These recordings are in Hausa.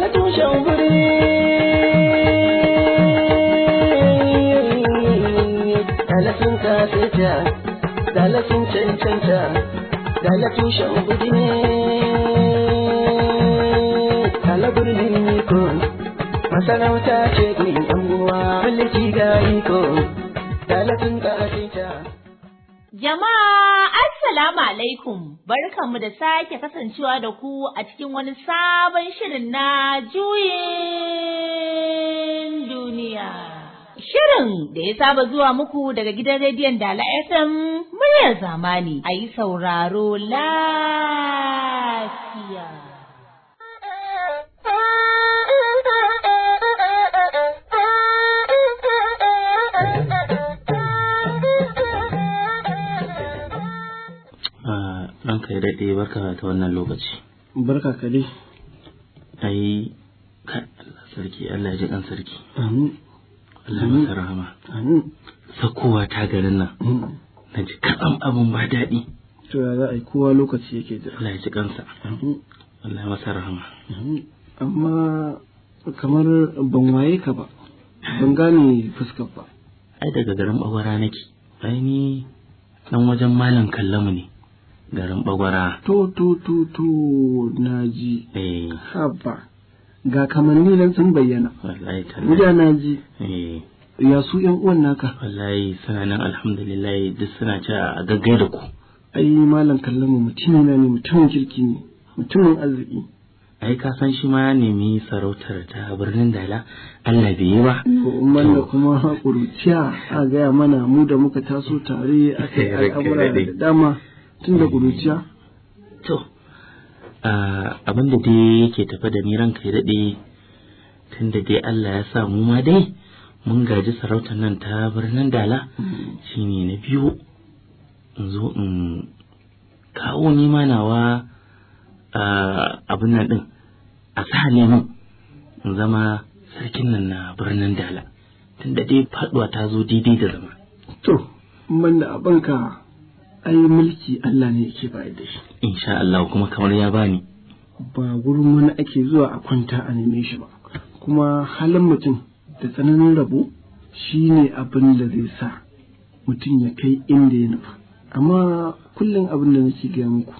na tushen guri dalafin kafeta dalafin cancanta dalafin shan guri masarauta ce ni ga iko dalafin kafeta jama'a Assalamu alaikum, barkanmu da sake kasancewa da ku a cikin wani sabon shirin na juyin duniya. Shirin da ya saba zuwa muku daga gidan rediyon Dala FM muryar zamani, a yi sauraro lafiya. Ka yi daɗe barka ta wannan lokaci barka ka dai ai ka Allah sarki Allah ya ji kan sarki amin Allah masa rahama amin sakowa ta garin nan mm. na ji kaɗan abun ba daɗi to ya za a yi kowa lokaci yake jira Allah ya ji kansa Allah ya masa rahama Amin. amma kamar ban waye ka ba ban gane fuskar ba ai daga garin bagwara nake ai ni ɗan wajen malam kallamu ne garin bagwara to to to to ji. eh haba ga kamanni nan sun bayyana wallahi tallahi na ji eh ya su yan uwan naka wallahi suna nan alhamdulillah duk suna ci a gaggai da ku ai malam kallon mu mutum ne ne mutumin kirki ne mutumin arziki ai ka san shi ma ya nemi sarautar ta birnin dala Allah bai yi ba umman da kuma kuruciya a gaya mana mu da muka taso tare aka yi al'amura da dama tun da guduciya? to abin da dai yake tafa da ni kai ya daɗe tun da dai Allah ya sa mu ma dai mun gaji sarautar nan ta birnin dala mm. ne na biyu in zo in kawo ni nawa abin nan ɗin a sa in zama sarkin nan na birnin dala tun da dai faɗuwa ta zo daidai da zama to man da ka ai mulki Allah ne yake bayar da shi insha Allah kuma kamar ya bani ba gurin wani ake zuwa a kwanta a neme shi ba kuma halin mutum da tsananin rabo shi ne abin da zai sa mutum ya kai inda ya nufa amma kullum abin da nake gaya muku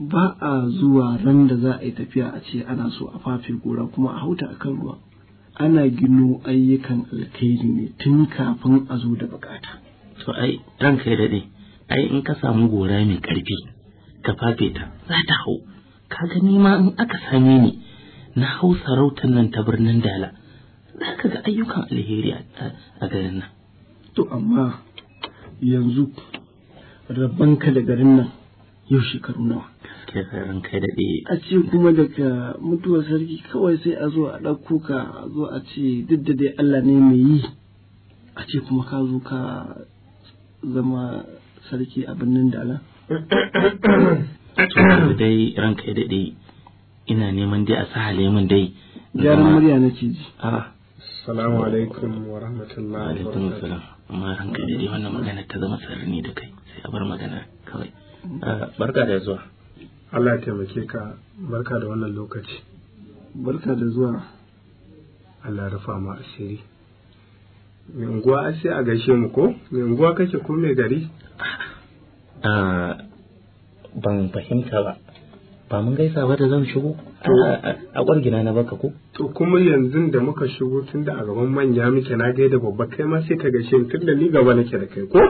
ba a zuwa ran da za a yi tafiya a ce ana so a fafe gora kuma a hauta akan ruwa ana gino ayyukan alkhairi ne tun kafin a zo da bukata to ai ranka ya daɗe ai in ka samu gora mai ƙarfi ka fafe ta za ta hau ka gani ma in aka same ni na hau sarautar nan ta birnin dala za ka ga ayyukan alheri a garin nan to amma yanzu rabban ka da garin nan yau shekaru nawa gaskiya karan kai da a ce kuma daga mutuwar sarki kawai sai a zo a ɗauko ka a zo a ce duk da dai Allah ne mai yi a ce kuma ka zo ka zama sarki a birnin dala to dai ranka ya daɗe ina neman dai a sa halimin dai jarin murya na ciji a ah. assalamu alaikum wa rahmatullahi wa barakatuh amma ranka ya daɗe wannan magana ta zama sarri da kai sai a bar magana kawai ah, barka da zuwa Allah ya taimake ka barka da wannan lokaci barka da zuwa Allah ya rufa ma asiri mai unguwa sai a gaishe mu ko mai kake ko mai gari ban fahimta ba ba mun gaisa ba da zan shigo a ƙwargina na baka ko to kuma yanzu da muka shigo tun da a gaban manya muke na gaida babba kai ma sai ka gaishe tun da ni gaba nake da kai ko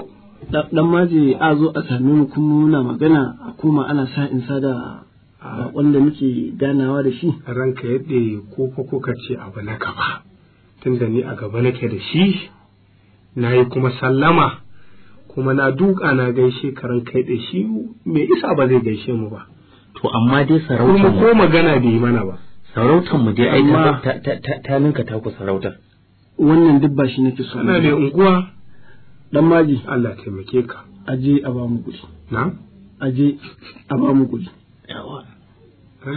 dan je a zo a same mu kuma muna magana a koma ana sa in sa da wanda muke ganawa da shi ranka yadda ko ko ka ce abu na gaba da ni a gaba nake da shi na yi kuma sallama kuma na duka na gaishe karan kai da shi mai isa ba zai gaishe mu ba to amma dai sarautar mu ko magana bai yi mana ba sarautar mu dai ai ta ninka ta ku sarautar wannan duk ba shi nake so ana ne unguwa dan maji Allah taimake ka aje a ba mu kuɗi na aje a ba mu kuɗi yawa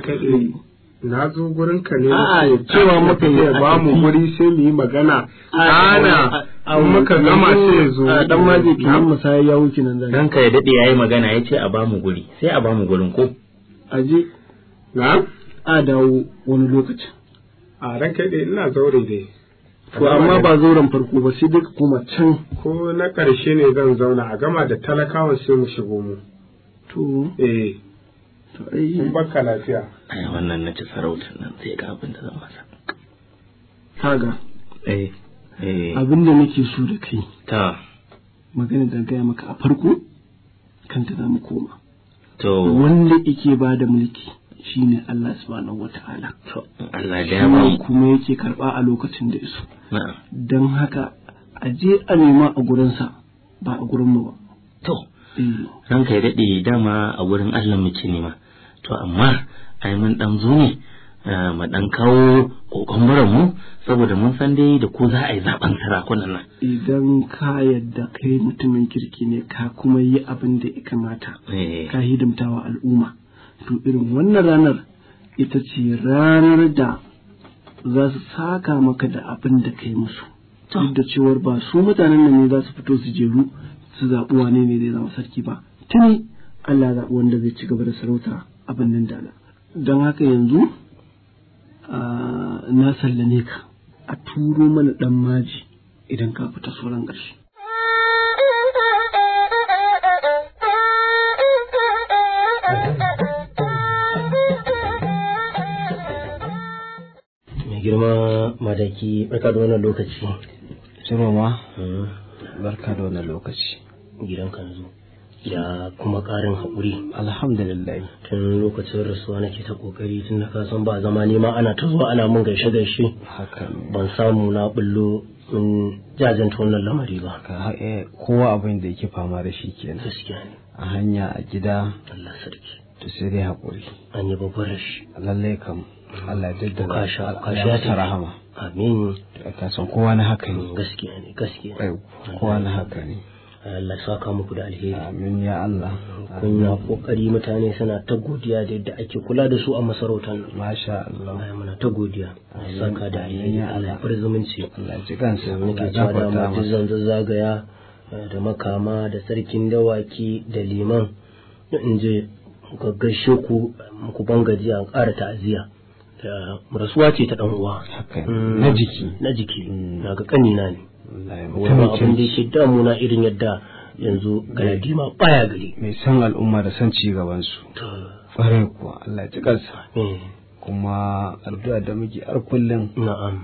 kai na zo gurin ka ne cewa muka yi ba mu guri sai mu yi magana ana muka gama sai zo dan maji ki nan sai ya wuce nan zan ka ya dade yayi magana yace a ba mu guri sai a ba mu gurin ko aje na a dawo wani lokaci a kai dai ina zaure dai to amma ba zauren farko ba sai duk kuma can ko na karshe ne zan zauna a gama da talakawa sai mu shigo mu to eh sun baka lafiya ai wannan na ci sarautar nan sai ga abin da zan masa kaga eh, eh. abin da nake so da kai ta magana da gaya maka a farko kanta za mu koma to wanda yake ba da mulki shi ne Allah subhanahu wata'ala to Allah da ya kuma yake karɓa a lokacin da iso don haka a je a nema a gurinsa ba a gurin mu ba to eh. ranka ya daɗe dama a gurin Allah muke nema to amma ai mun dan zo ne eh, mu dan kawo kokon mu saboda mun san dai da ko za a yi zaben sarakunan nan idan ka yadda kai mutumin kirki ne ka kuma yi abin da ya kamata eh. ka hidimtawa al'umma to irin wannan ranar ita ce ranar da za su saka maka da abin da kai musu duk da cewar ba su mutanen nan ne za su fito su jeru su zaɓi wane ne zai zama sarki ba tuni Allah zaɓi wanda zai ci gaba da sarauta abin nan dana don haka yanzu na sallame ka a turo mana ɗan maji idan ka fita sauran ƙarshe girma madaki barka da wannan lokaci ma? Hmm. barka da wannan lokaci gidan kan zo ya kuma ƙarin haƙuri. Alhamdulillah. Tun lokacin rasuwa nake ta ƙoƙari tun da ka san ba zama nema ana ta zuwa ana mun gaishe gaishe. Ban samu na ɓullo in jajanta wannan lamari ba. Eh, kowa abin da yake fama da shi kenan. Gaskiya ne. A hanya a gida. Allah sarki. To sai dai haƙuri. An yi babbar rashi. Lallai kam. Allah ya daddara. Kasha ya ta rahama. Amin. Ka san kowa na haka ne. Gaskiya ne gaskiya. Kowa na haka ne. Allah saka muku da alheri amin ya Allah kun ya kokari mutane suna ta godiya da yadda ake kula da su a masarautar masha Allah ya muna ta godiya saka da alheri Allah ya zumunci Allah ya ji kansa cewa da mutum zagaya da makama da sarkin dawaki da liman in je gaggashe ku muku an ƙara ta'aziyya rasuwa ce ta ɗan uwa mm. na jiki na jiki daga mm. kanina ne mutumin abin da damu na irin yadda yanzu galadima baya gari mai san al'umma da san ci gabansu. su farai kuwa Allah ya cikarsa eh. kuma addu'a da muke har kullum na'am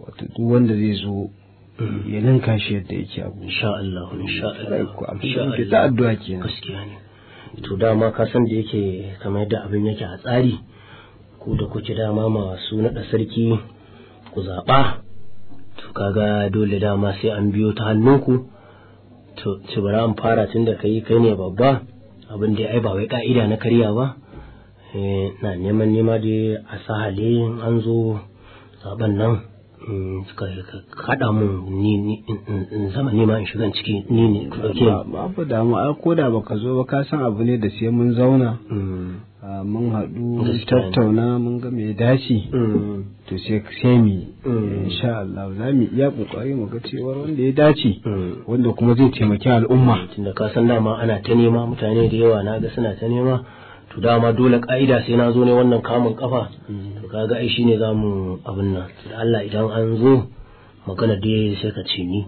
wato duk wanda zai zo hmm. ya ninka shi yadda yake abu insha Allah insha Allah insha Allah ta addu'a kenan gaskiya ne to dama ka san da yake kamar yadda abin yake a tsari ku da kuke dama masu naɗa sarki ku zaɓa kaga dole dama sai an biyo ta hannunku to ci bara an fara tun da kai kai ne babba abin da ai ba wai ka'ida na karya ba eh, na neman nema da a sahale an zo zaben nan suka kada mun ni in in shiga ciki ni ne babu damu a ko da baka zo ba ka san abu ne da sai mun zauna mm. mun haɗu tattauna mun ga me dace mm. to sai sai mi. Mm. insha Allah za mu iya kokari mu ga cewar wanda ya dace wanda kuma zai taimaki al'umma tunda ka san dama ana ta nema mutane da yawa na ga suna ta nema to dama dole ka'ida sai na zo ne wannan kamun kafa hmm. to kaga ai shine zamu abin nan da Allah idan an zo magana da sai ka ce ni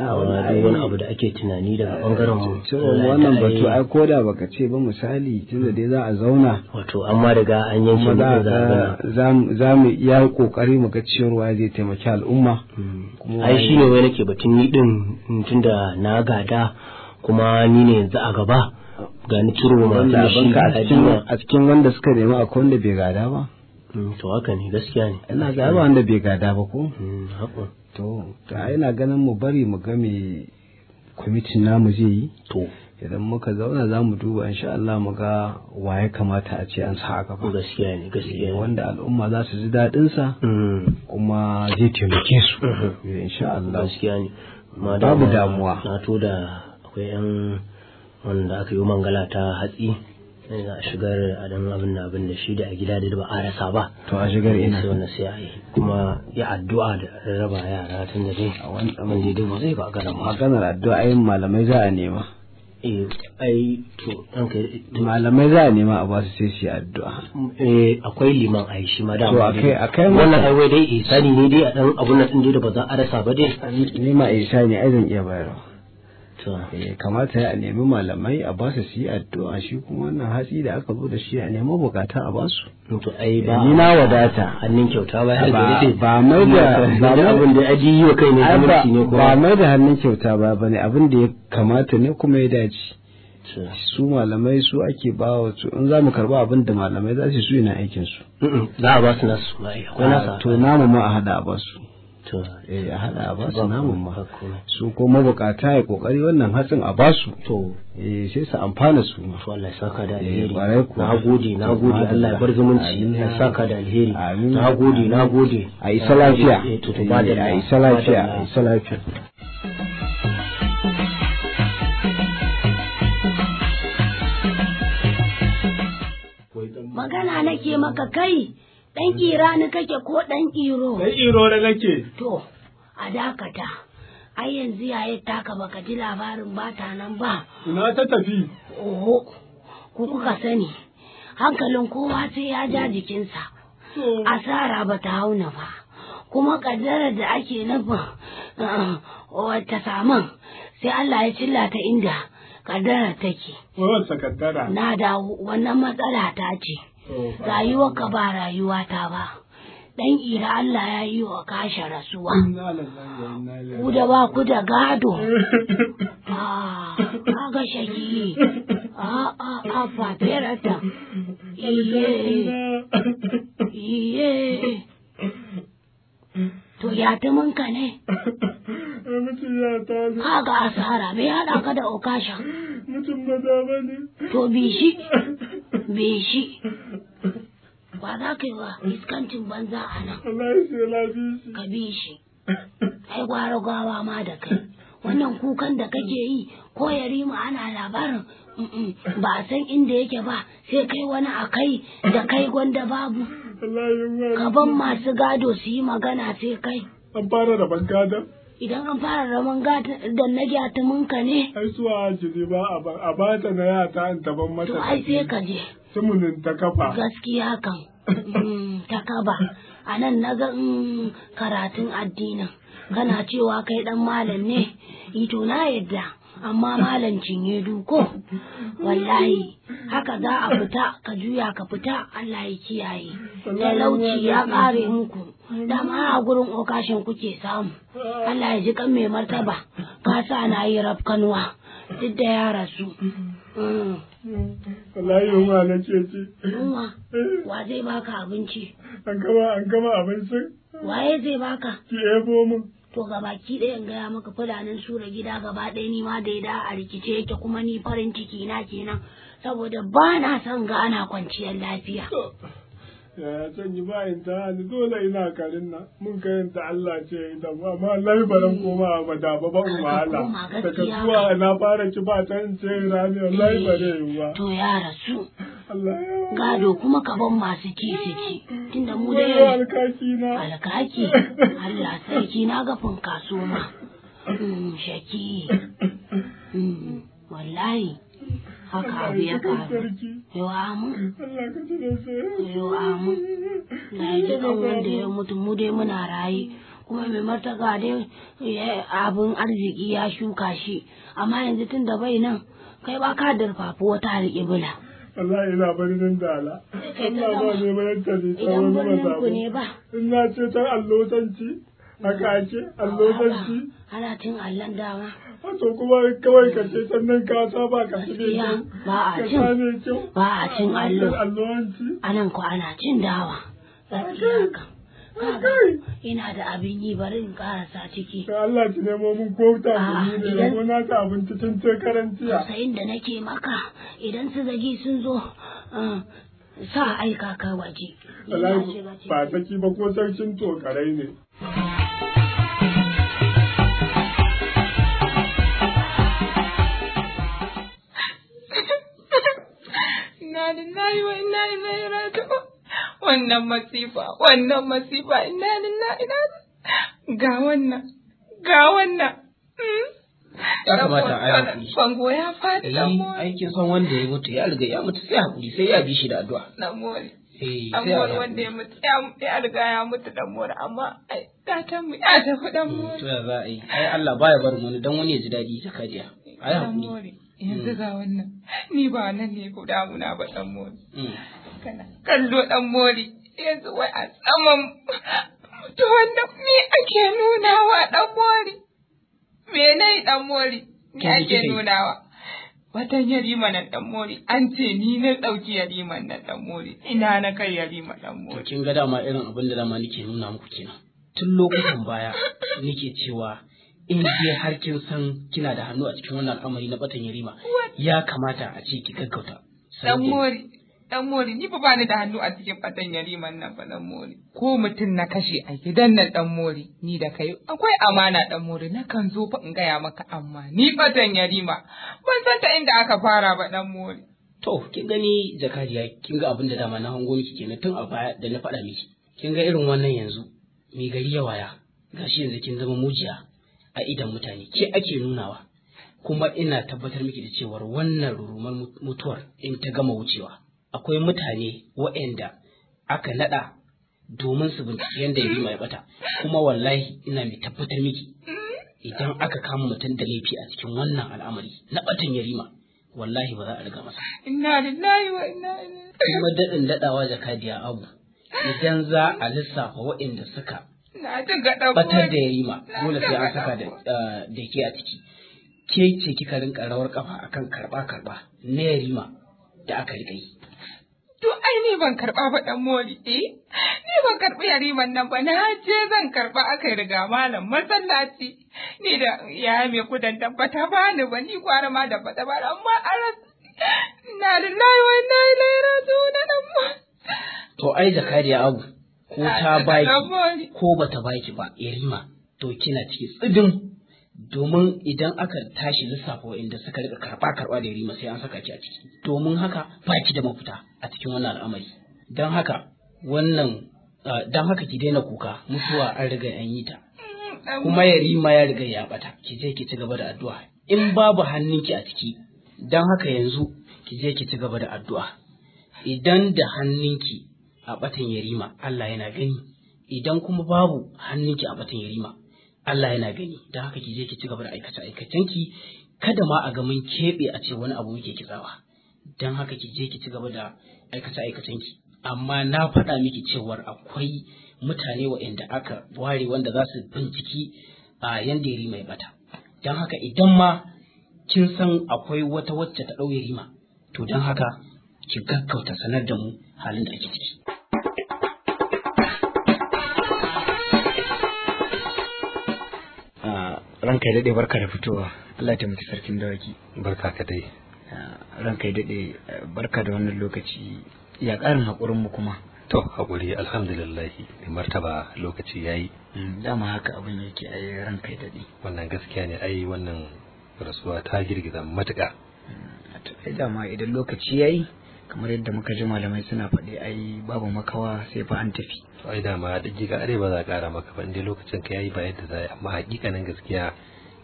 ah, a wani abu da ake tunani daga bangaren mu wannan batu ai ko da baka ce ba misali tunda dai za a zauna wato amma daga an yanke za za mu iya kokari mu ga ciyarwa zai taimaki al'umma hmm. ai shine wai nake batun ni din tunda na gada kuma ni ne yanzu a gaba gani ciro ma ta ka a cikin wanda suka nemi akwai wanda bai gada ba hmm, to haka ne gaskiya ne ina ga ba wanda bai gada ba ko hmm, haka to ta ina ganin mu bari mu ga me kwamitin namu zai yi to idan muka zauna za mu duba insha Allah mu ga waye kamata a ce an sa haka ba gaskiya ne gaskiya wanda al'umma za su ji daɗin sa hmm. kuma zai taimake su insha Allah gaskiya ne babu damuwa na to da akwai yan wanda aka yi mangala ta hatsi a shigar adam abin da abin da shi da a gida da ba a rasa ba to a shigar ina sai wannan sai a yi kuma ya addu'a da raba yara tun da dai a wani tsaman da dai ba zai ba gana maganar addu'a yin malamai za a nema eh ai to kai malamai za a nema a basu sai shi addu'a eh akwai liman ai shi ma da to akai akai wannan ai wai dai isani ne dai a dan abun nan din da ba za a rasa ba dai ni ma isani ai zan iya bayarwa Eh, kamata ya nemi malamai a basu su yi addu'a shi kuma wannan hatsi da aka zo da shi a nemi bukata a basu to ai ba eh, ni na wadata hannun kyauta ba ba mai da ba mai abin da aji yi kai ne gwamnati ne ko ba mai da hannun kyauta ba bane abin da ya kamata ne kuma ya dace su malamai su ake ba wa su in za mu karba abin da malamai za su yi na aikin su za a ba su nasu ah, to namu ma a hada a ba su Eh, a hada a basu namun ma su ko mabukata ya kokari wannan hatsin a basu to eh sai su amfana su ma to Allah ya saka da eh, alheri na gode na gode Allah ya bar zumunci ya saka da alheri na gode na gode a isa lafiya. Eh, to to ba da a yi salafiya a yi salafiya magana nake maka kai Ɗan ƙira ni kake ko ɗan ƙiro? Ɗan ƙiro da kake. To, a dakata. Ai yanzu yayi taka baka ji labarin ba nan ba. Ina ta tafi. Oho, ku kuka sani. Hankalin kowa sai ya ja jikinsa. Asara ba ta hauna ba. Kuma ƙaddarar da ake nufin wata uh, uh, saman sai Allah ya cilla ta inda ƙaddarar take. Na dawo wannan matsala ta ce. ka ba rayuwa ta ba dan ira Allah ya yi wa kashe rasuwa ku da ba ku da gado ah, a ga shaki a ah, a ah, a faferata iye iye to ya ta munka ne ka ga asara me haɗa ka da okasha mutum ba za ba ne to bishi bishi ba za ka yi wa iskancin banza a nan ka bi shi ai gwara gawa ma da kai wannan kukan da kake yi ko ya rima ana labarin ba a san inda yake ba sai kai wani a kai da kai gwanda babu gaban masu gado su yi magana sai kai an fara da gada idan an fara raman da na tumunka ne ai suwa jiri ba a bata na ya ta an taban mata to ai sai ka je tumunin ta kafa gaskiya kan ta kaba a nan na ga mm, karatun addinin kana cewa kai dan malam ne ito na yadda amma malam cinye duko wallahi haka za a fita ka juya ka fita Allah ya kiyaye talauci ya ƙare muku dama a gurin okashin kuke samu Allah ya ji kan mai martaba ka sa na yi rafkanwa duk da ya rasu mm. wallahi yunwa na ce ce wa zai baka abinci an gama an gama abincin waye zai baka ki ebo mun to ga gabaki ɗayan gaya maka fulanin sura gida gaba ɗaya ni ma daida a rikice yake kuma ni farin ciki na kenan saboda ba na son ga ana kwanciyar lafiya. Yaya can yi bayan ta hannu dole ina karin nan mun kayan ta Allah ce ita ba ma lai mm. koma a bada ba ba mu wahala daga zuwa na fara ki ba ta yin ce rami to ya rasu Allah ya gado kuma kaban masu kisiki tunda mu dai alkaki Allah sarki na gafin kaso ma hmm, shaki hmm, wallahi haka abu ya faru yo amu yau amu na yi wanda ya mutu mu dai muna raye kuma mai martaka dai abin arziki ya shuka shi amma yanzu tun da bai nan kai ba ka durfafi wata alƙibla. wallahi ina birnin dala Allah ba ne bayan ta ne ta wani mazabu in na ce ta allotanci a ake allotanci ana cin allon dama wato kuma kawai ka ce sannan ka ba ka ci ne ba a cin ba a cin allo allonci anan ko ana cin dawa Thank you. ina da abin yi bari in karasa ciki. Ka Allah ki nemo mun kofta ah, ne da ko ta abinci ce karantiya. Sayin da nake maka idan su zagi sun zo ah, sa aika ka waje. Ba saki ba ko sarkin tokarai ne. Na da na yi wa ina ina yi wannan masifa wannan masifa inna lillahi ina ga wannan ga wannan hmm? ya kamata a yi Sango ya faɗi dan mu. Aikin son wanda ya mutu ya riga ya mutu sai hakuri sai ya bi shi da addu'a. Na mori. Dan mori wanda ya mutu ya riga ya mutu dan mori amma gatan mu ya tafi dan eh, mori. To ya za a yi ai Allah baya bar wani dan wani ya ji daɗi ta kariya. Ai hakuri. Yanzu ga wannan ni ba nan ne ko damuna ba dan mori. kana kallo dan mori yanzu wai a tsaman to wanda me ake nunawa dan mori me nai dan mori me ake nunawa watan yarima na dan mori an ce ni na dauki yariman na dan mori ina na kai yarima dan mori to kin ga dama irin abin da dama nake nuna muku kenan tun lokutan baya nake cewa in je har kin san kina da hannu a cikin wannan al'amari na batan yarima ya kamata a ce ki gaggauta dan mori dan mori ni fa bani da hannu a cikin fatan yariman nan fa dan mori ko mutum na kashe a gidan nan dan mori ni da kai akwai amana dan mori na kan zo fa in gaya maka amma ni fatan yarima ban san ta inda aka fara ba dan mori to kin gani jakajiya kin ga abin da dama na hango miki kenan tun a baya da na faɗa miki kin ga irin wannan yanzu mai gari ya waya gashi yanzu kin zama mujiya a idan mutane ke ake nunawa kuma ina tabbatar miki da cewar wannan ruruman mutuwar in ta gama wucewa akwai mutane waɗanda aka naɗa domin su binciki yadda ya mai bata kuma wallahi ina mai tabbatar miki idan aka kama mutum da laifi a cikin wannan al'amari na batun yarima wallahi ba za a riga masa inna lillahi wa inna ilaihi kuma dadin dadawa jakadiya abu idan za a lissafa waɗanda suka batar da yarima dole sai an saka da eh, ke a ciki ke ce kika rinka rawar kafa akan karba karba na yarima da aka riga yi To ai ni ban karɓa ba dan mori, eh? Ni ban karɓi man nan ba, na je zan karɓa aka riga malam masallaci. Ni da ya mai kudan tabbata ba ni ba, ni kwara ma da fata ba, amma aras Na lillahi wa inna ilaihi raji'un na ma To ai da kariya abu, ko ta baki, ko bata baki ba, irima, to kina ciki tsidin domin idan aka tashi lissafa inda suka rika karba karba da rima sai an saka ki a ciki domin haka ba ki da mafita a cikin wannan al'amari don haka wannan don haka ki daina kuka mutuwa an riga an yi ta kuma yarima rima ya riga ya bata ki je ki ci gaba da addu'a in babu hannunki a ciki dan haka yanzu ki je ki ci gaba da addu'a idan da hannunki a batan yarima Allah yana gani idan kuma babu hannunki a batan yarima Allah yana gani don haka ki je ki ci gaba da aikata aikacenki kada ma a ga mun keɓe a ce wani abu yake kitsawa don haka ki je ki ci gaba da aikata ki. amma na faɗa miki cewar akwai mutane waɗanda aka ware wanda za su binciki a yanda ya rima ya bata don haka idan ma kin san akwai wata wacce ta ɗauye rima to don haka ki gaggauta sanar da mu halin da ake ciki ranka ya daɗe barka da fitowa Allah ta mutu sarkin dawaki barka ka dai ranka ya daɗe barka da wannan lokaci ya ƙarin haƙurin mu kuma to haƙuri alhamdulillah da martaba lokaci yayi mm, dama haka abin yake ai ranka ya daɗe wannan gaskiya ne ai wannan rasuwa ta girgiza matuƙa mm, to ai dama idan lokaci yayi kamar yadda muka ji malamai suna faɗi ai babu makawa sai fa an tafi to ai dama giga are ba za kara ƙara maka ba inda lokacin ka yayi ba yadda za amma hakikanin gaskiya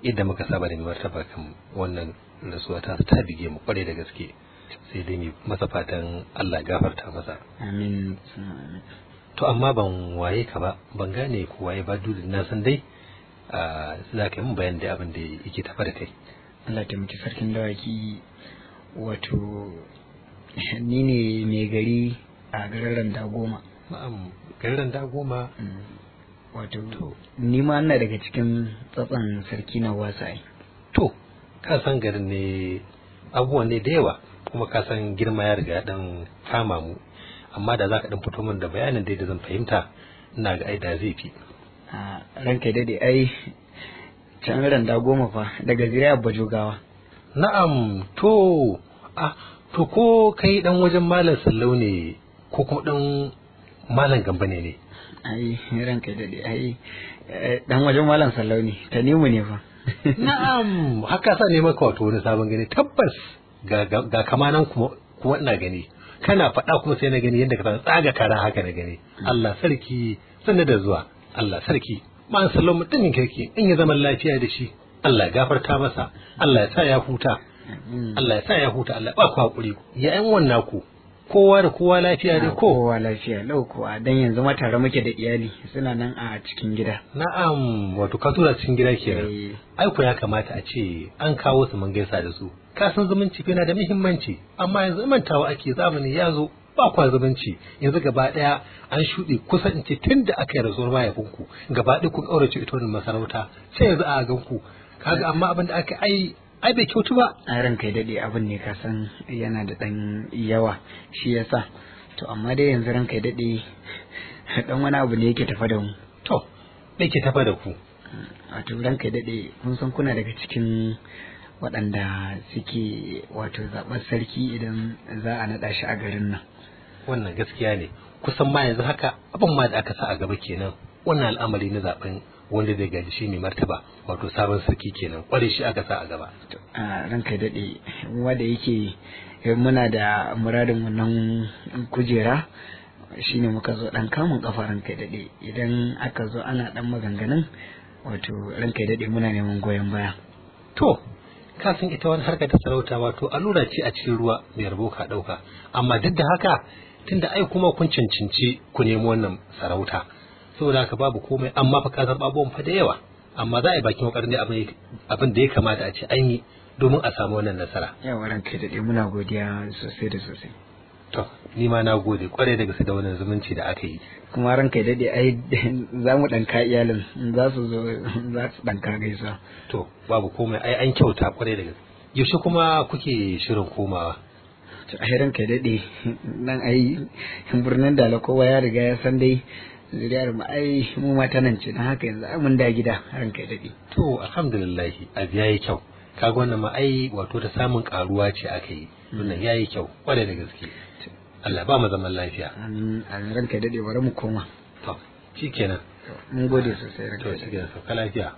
yadda muka saba da ba kan wannan rasuwa ta ta bige mu kware da gaske sai dai mai masa fatan Allah gafarta masa amin to amma ban waye ka ba ban gane ko waye ba dudin na san dai za ka yi mun bayan da abin da yake tafa da kai Allah ta miki sarkin dawaki wato ni ne mai gari a garin randa goma na'am garin randa goma mm. wato ni ma ina daga cikin tsatsan sarki na wasai to ka san garin ne abubuwan ne da yawa kuma ka san girma ya riga dan kama mu amma da za ka dan fito min da bayanin da zan fahimta ina ga aida zai fi ranka dade ai can randa goma fa daga zuriya bajogawa na'am to a ah, to ko kai dan wajen malam sallau ne ko kuma dan malam gamba ne ne ai da dade ai eh, dan wajen malam sallau ne ta nemu ne fa na'am haka sa ne maka wato wani sabon gani tabbas ga kamanan kuma kuma ina gani kana faɗa kuma sai na gani yadda ka tsaga kara haka na gani Allah sarki sanna da zuwa Allah sarki ma'an sallau mutumin kirki in ya zama lafiya da shi Allah ya gafarta masa Allah ya sa ya huta Mm. Allah ya sa ya huta Allah ba ku hakuri ya ƴan wannan ku kowa da kowa lafiya dai ko kowa lafiya lau a dan yanzu ma tare muke da iyali suna nan a cikin gida na'am wato ka tura cikin gida ke eh. ai ku ya kamata a ce an kawo su mun gaisa da su ka san zumunci yana da muhimmanci amma yanzu mantawa ake zamani ya zo ba kwa zumunci yanzu gaba daya an shuɗe kusa in ce tun da aka yi rasuwar ku gaba ɗaya kun ƙaurace ita wannan masarauta sai yanzu a ganku kaga amma abin da aka ai ai bai kyautu ba a ranka kai dade abin ne ka san yana da dan yawa shi yasa to amma dai yanzu ran kai dade dan wani abu ne yake tafa da mu to me ke tafa da ku hmm, wato ran kai dade kun san kuna daga cikin waɗanda suke wato zaɓar sarki idan za a naɗa shi a garin nan wannan gaskiya ne kusan ma yanzu haka abin ma da aka sa a gaba kenan wannan al'amari na zaɓen wanda zai gaji shi ne martaba wato sabon sarki kenan kware shi aka sa a gaba a ranka daɗe wanda yake eh, muna da muradin wannan kujera shine muka zo dan kamun kafa ranka daɗe idan aka zo ana dan maganganun wato ranka daɗe muna neman goyon baya to kafin ita wani harka ta sarauta wato allura ce a cikin ruwa mai rabo ka ɗauka amma duk da haka tunda ai kuma kun cancanci ku nemi wannan sarauta saboda haka babu komai amma fa ka san abubuwan fa da yawa amma za a yi bakin kokarin abin abin da ya kamata a ce an yi domin a samu wannan nasara yawa kai da muna godiya sosai da sosai to ni ma na gode kwarai da gaske da wannan zumunci da aka yi kuma ranka dai ai za mu danka iyalin za su zo za su danka gaisa to babu komai ai an kyauta kwarai da gaske yaushe kuma kuke shirin komawa a ai kai daɗe nan ai birnin dala kowa ya riga ya san dai zuriyar mu ai mu mata nan ce na haka yanzu mun da gida ranka daɗi. To alhamdulillah abu yi kyau kaga wannan ma ai wato ta samun karuwa ce aka yi mm. wannan yi kyau kwarai da gaske. Allah ba mu zaman lafiya. Amin amin ranka daɗe bari mu koma. To kenan Mun gode sosai ranka. To shikenan sauka lafiya.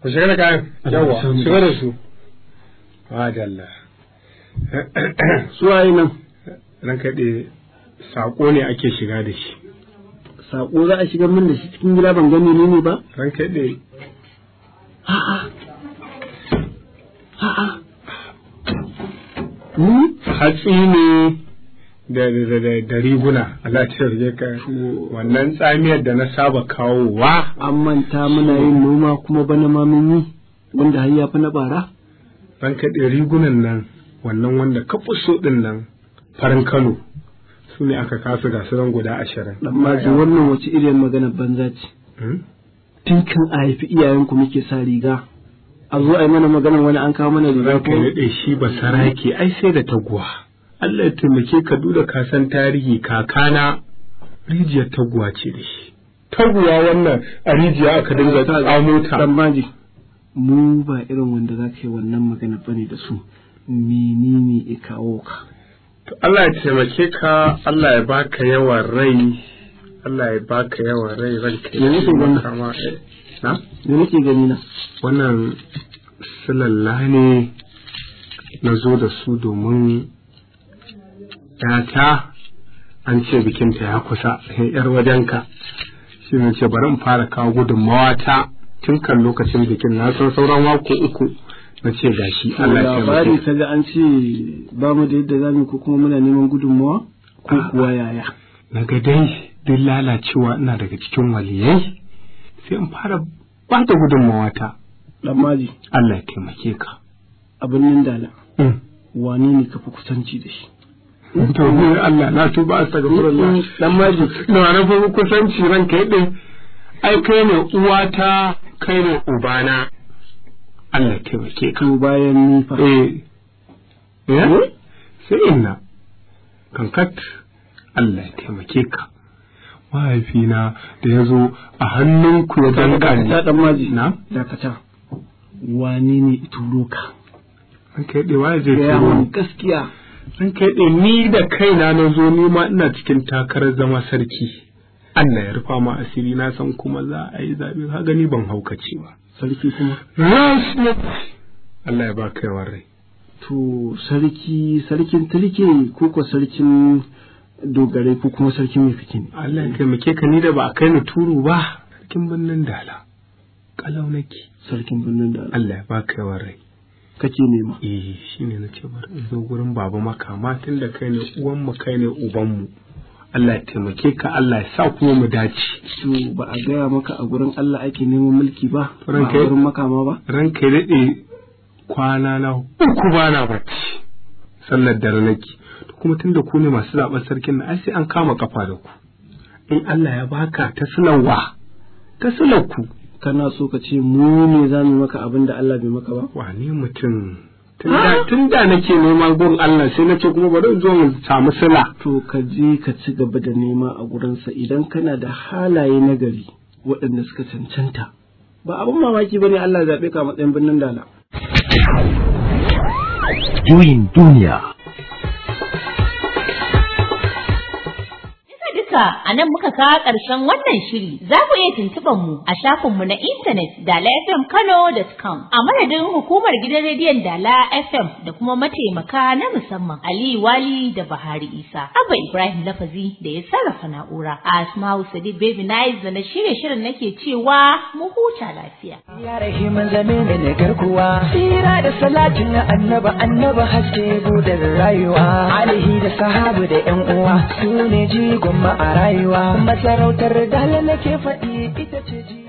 Ku shiga da kayan yawa shiga da su. Madalla. suwaye nan ran kaɗe saƙo ne ake shiga da shi saƙo za a shiga min da shi cikin gida ban gani ne ba ran kaɗe a'a a'a hatsi ne da riguna Allah ce rige ka wannan tsamiyar da na saba kawowa an manta muna yin noma kuma bana ma mun yi wanda har ya fi na bara ran kaɗe rigunan nan wannan wanda ka so ɗin nan farin Kano su ne aka kasa gasuran guda ashirin. Ɗan maji wannan wace irin magana banza ce. Hmm? Tun a haifi iyayenku muke sa riga. A zo a yi mana magana wani an kawo mana riga ko. Ranka shi ba sarake ai sai da taguwa. Allah ya taimake ka duda ka san tarihi kakana rijiyar taguwa ce da shi. Taguwa wannan a rijiya aka dinga tsamo ta. Ɗan maji mu ba irin wanda za ka yi wannan magana bane da su. menene ya kawo ka to Allah ya taimake ka Allah ya baka yawan rai Allah ya baka yawan rai ranka ne nake gani kama na me nake gani na wannan silalla ne na zo da su domin ta an ce bikinta ya kusa yar wajenka shi ne ce bari in fara kawo gudunmawa ta tun kan lokacin bikin na san sauran wako uku na ce ga shi Allah ya labari ta ga an ce ba mu da yadda zamu ko kuma muna neman gudunmawa ko kuwa yaya na ga dai duk lalacewa ina daga cikin waliyai sai in fara ba ta gudunmawa ta dan maji Allah ya taimake ka abin nan dala mm. wani ne ka fi kusanci da shi to ni Allah na tuba astaghfirullah mm, mm, dan maji na na fi kusanci ranka yadda ai kai ne uwata kai ne ubana Allah taimake ka. To bayan nufa. fa. Eh. Eh? Hmm? Sai ina, Kankat Allah taimake ka. Mahaifina da ya zo a hannunku ya dangane. Ya ɗan maji. Na? Dakata. Wani ne ituro ka? An kai ɗewa ya je turo. gaskiya. An kai ɗe ni da kaina na zo ni ma ina cikin takarar zama sarki. Allah ya rufa ma asiri na san kuma za a yi zaɓe ka gani ban haukace ba. sarki kuma rasnat Allah ya baka yawan rai to sarki sarkin tilke ko ko sarkin dogare ko kuma sarki mai ne. Allah ya taimake ka ni da ba a kai ni turu ba sarkin birnin dala kalau nake sarkin birnin dala Allah ya baka yawan rai kake nema eh shine na ce in zo gurin baba maka tun da kai ne uwan mu kai ne uban mu Allah ya taimake ka Allah ya sa kuma mu dace su ba a gaya maka a gurin Allah ake neman mulki ba a gurin makama ba ranka ya dade kwana na uku bana bacci sallar dare nake kuma tunda ku ne masu zaben sarkin na sai an kama kafa da ku in Allah ya baka ta sulawa ta sulaku kana so ka ce mu ne za mu maka abin da Allah bai maka ba wane mutum tun da ah! nake nema gurin Allah sai na kuma bari zo mu samu sila to ka je ka ci gaba da nema a gurinsa idan kana da halaye na gari waɗanda suka cancanta ba abin mamaki bane Allah zabe ka matsayin birnin dala juyin duniya duka a nan muka kawo ƙarshen wannan shiri. Za ku iya tuntuɓar mu a shafin mu na intanet dalafmkano.com a madadin hukumar gidan rediyon Dala FM da kuma mataimaka na musamman Ali Wali da Bahari Isa. Abba Ibrahim Lafazi da ya sarrafa na'ura. a Asma'u Sadiq Baby Nice da na shirya shirin nake cewa mu huta lafiya. Ya rahiman zame ne ne garkuwa. Tsira da salatin na annaba annaba haske budar rayuwa. Alihi da sahabu da 'yan uwa su ne jigon ma'a. a rayuwa masarautar dala nake faɗi ita ce ji